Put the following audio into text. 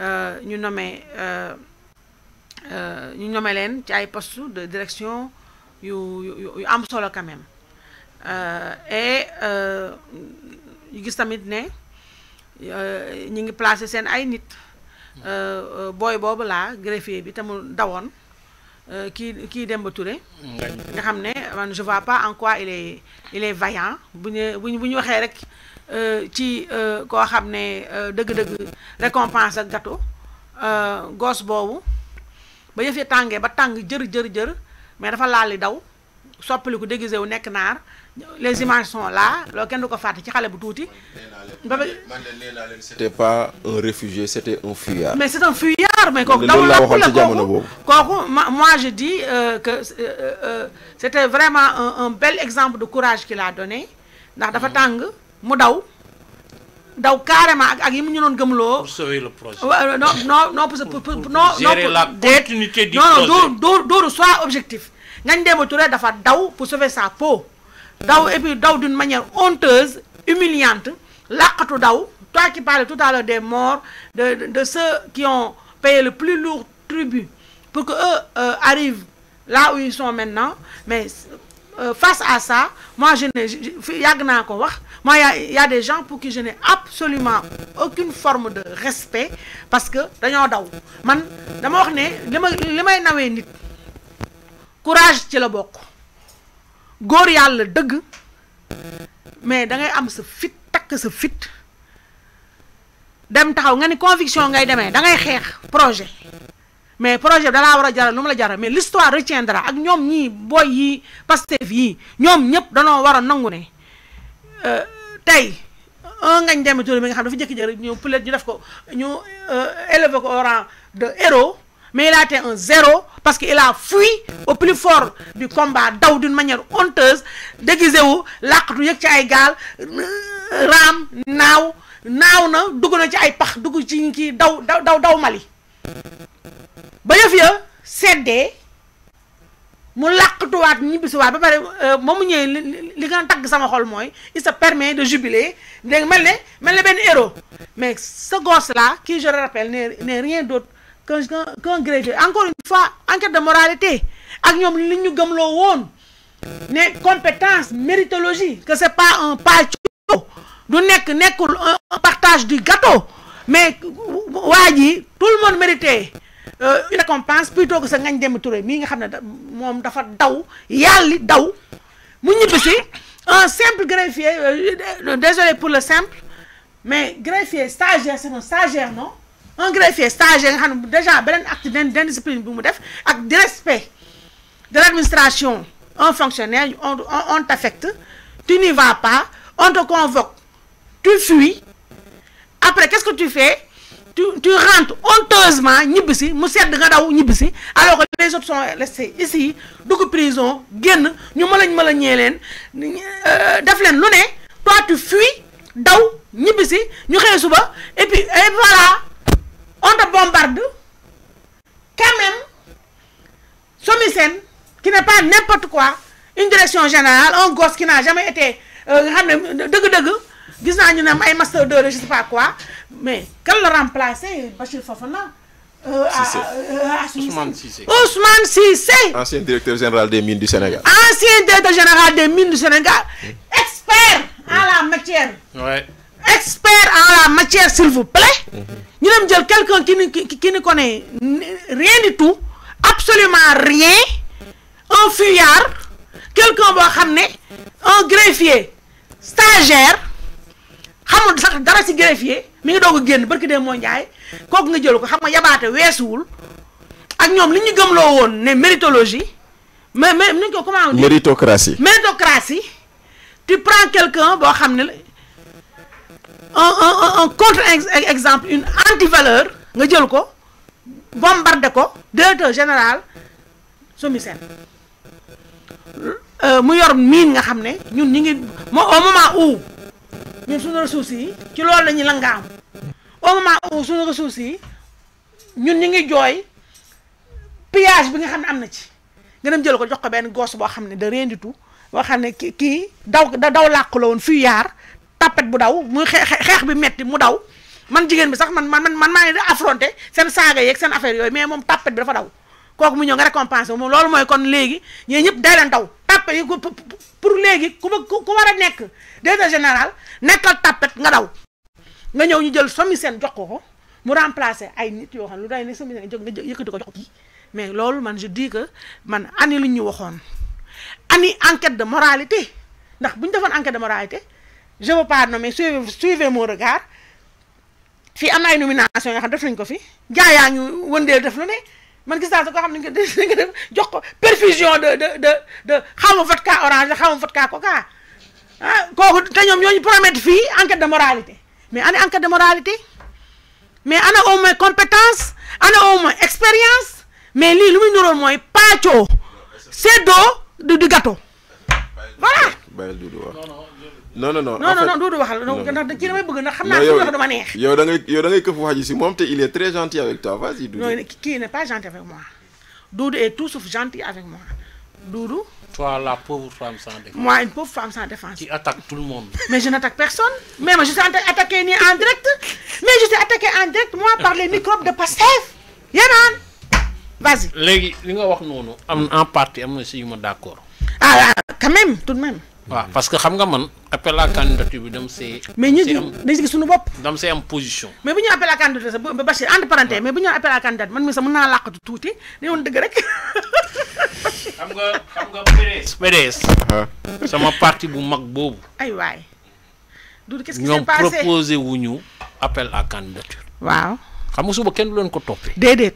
Euh, ñu nommé euh, euh, ñu nommé len ci ay poste de direction yu yu am solo quand même et ñu gis tamit né, ñi ngi placer sen ay nit boy bobu la greffier bi te mu dawoon kii kii Demba Touré mm-hmm. nga xamné man je vois pas en quoi il est il est vaillant bu ñu bu rek euh, ci ko xamné deug deug récompense ak gâteau euh gosse bobu ba yëf tangé ba tang jër jër jër mais dafa laal li daw soppaliku déguisé wu nek nar les images sont là lo kenn du ko fàtte ci xalé bu touti c'était pas un réfugié c'était un fuyard. mais c'est un fuyard mais kok daw la ko ci moi je dis euh, que euh, euh, c'était vraiment un un bel exemple de courage qu'il a donné ndax dafa mhm. tàng mu daw daw carrément ak ak yi ñu pour sauver le projet. Euh, non non non pour pour non gérer la continuité du projet non non dooru soit objectif. Ngagne Demba Touré dafa daw pour sauver sa peau. daw et puis daw d'une manière honteuse humiliante laqatu daw toi qui parles tout à l'heure des morts de de ceux qui ont payé le plus lourd tribut pour que eux euh, arrivent là où ils sont maintenant mais euh, face à ça moi je ne yàgg naa wax. Moi, il y, y, a des gens pour qui je n'ai absolument aucune forme de respect parce que dañoo daw man dama wax né limay nawé nit courage ci la bok. góor Yalla deug mais da ngay am ce fit tak ce fit dem taxaw nga ni conviction ngay démé da ngay xeex projet mais projet da la wara jara, jaral la jara, mais l'histoire retiendra ak ñom ñi boy yi Pastef yi ñom ñep danoo war a nangu Euh, tey un ngañ Demba Touré mi nga xam dafa jékki-jékki ñu peut ñu def ko ñu euh, élevé ko au de héros mais il a été un zéro parce que il a fui au plus fort du combat daw d'une manière honteuse déguisé wu yëg ci ay gaal euh, raam naaw naaw na dugg na ci ay pax dugg ci kii daw daw daw Mali ba yëf ya seddee mu làqatuwaat wat ba pare moom euh, mu ñëwee li li nga tagg sama xol moy il se permet de jubiler dégg mel ne ben ne héros mais ce gosse là qui je le rappelle n'est rien d'autre qu'un qu'un greffier encore une fois enquête de moralité ak ñom li ñu gëmloo woon né compétence méritologie que c'est pas un du un partage du gâteau mais waji tout le monde méritait euh, une récompense plutôt que ça n'est Demba Touré mii nga xam ne dafa daw yali daw un simple greffier euh, désolé pour le simple mais greffier stagiaire c'est un stagiaire non un greffier stagiaire déjà, il déjà acte d'indiscipline discipline de respect de l'administration un fonctionnaire on on t'affecte tu n'y vas pas on te convoque tu fuis après qu'est-ce que tu fais tu rentres honteusement Nibisi, si mu de nga daw alors que les autres sont laissés ici donc prison génn nous mëlañ mëlañ ñee leen euh, def lu toi tu fuis daw ni ñu pas suba et puis et voilà on te bombarde quand même SOMISEN qui n'est pas n'importe quoi une direction générale un gosse qui n'a jamais été euh, xam ne dëgg gis naa un master de je sais pas quoi mais quel la remplacer Bachir Fofana. Euh, euh Ousmane Sissé Ousmane ancien directeur général des mines du Sénégal. ancien directeur général des mines du Sénégal. expert en la matière. ouais. expert en la matière s'il vous plaît. Mhm. ñu dem jël quelqu'un qui ne qui connaît rien du tout. absolument rien. un fuyard. quelqu'un qui va un greffier. stagiaire. xamul greffier. mi ngi doog a génn barki dee moo njaay kooku nga jël ko xam nga yabaate weesuwul ak ñoom li ñu loo woon ne méritologie mais mais ni ñu ko comment on dit méritocratie méritocratie tu prends quelqu'un boo xam ne un un un contre exemple une antivaleur nga jël ko bombardé ko directeur général SOMISEN euh, mu yor miin nga xam ne ñun ñu ngi moo au moment où ñun suñu ressources yi ci loolu la ñu langaam au moment où suñu ressources yi ñun ñu ngi jooy pillage bi nga xam ne am na ci nga dem jël ko jox ko benn gosse boo xam ne da rien du tout boo xam ne ki kii daw daw làkk la woon fii yaar tapet bu daw muy xeex bi metti mu daw man jigéen bi sax man man man maa ngi di affronté seen saaga yeeg seen affaire yooyu mais moom tapet bi dafa daw kooku mu ñëw nga récompenser moom loolu mooy kon léegi ñee ñëpp dee leen daw tapet yi pour léegi ku ma ku war a nekk directeur général nekkal tapet nga daw nga ñëw ñu jël somi seen jox ko ko mu remplacer ay nit yoo xam lu day ne somi seen jóg nga yëkkati ko jox ko mais loolu man je dis que man ani lu ñu waxoon ani enquête de moralité ndax bu ñu defoon enquête de moralité je veux pas nommer suivez suivez mon regard fii am na ay nomination yoo xam def nañ ko fi jaayaa ñu wëndeel def lu ne man gis naa sa koo xam ne nga def jox perfusion de de de de xaw ma vodka orange la xaw ma vodka coca ah kooku te ñoom ñooñu promettre fii enquête de moralité mais ane enquête de moralité mais ana au moins compétence ana au moins expérience mais lii lu muy niroon mooy pàccoo seddoo du di gâteau voilà. non non non non non non Doudou ndax bëgg il est très gentil avec toi vas-y Doudou non qui n'est pas gentil avec moi Doudou est tout sauf gentil avec moi Doudou toi la pauvre femme sans défense moi une pauvre femme sans défense qui attaque tout le monde mais je n'attaque personne Même, je suis attaqué en direct mais je suis attaqué en direct moi par les microbes de Pastef Yannan! vas-y léegi li nga wax non, am en partie je suis d'accord ah, ah quand même tout de même waaw parce que xam nga man appel à candidature bi dam see. mais ñu dañ si gis suñu bopp. dam see am position. mais bu ñu appel à candidature sax ba Bachir entre parenthèse mais bu ñu appel à candidature man mii sax mën naa làqatu tuuti day woon dëgg rek. xam nga xam nga PDS. PDS. Uh-huh. sama parti bu mag boobu. ay waay. Doudou qu'est-ce qui s'est passé ñoom proposé wu ñu appel à candidature. waaw xam nga suba kenn du leen ko toppee. déedéet.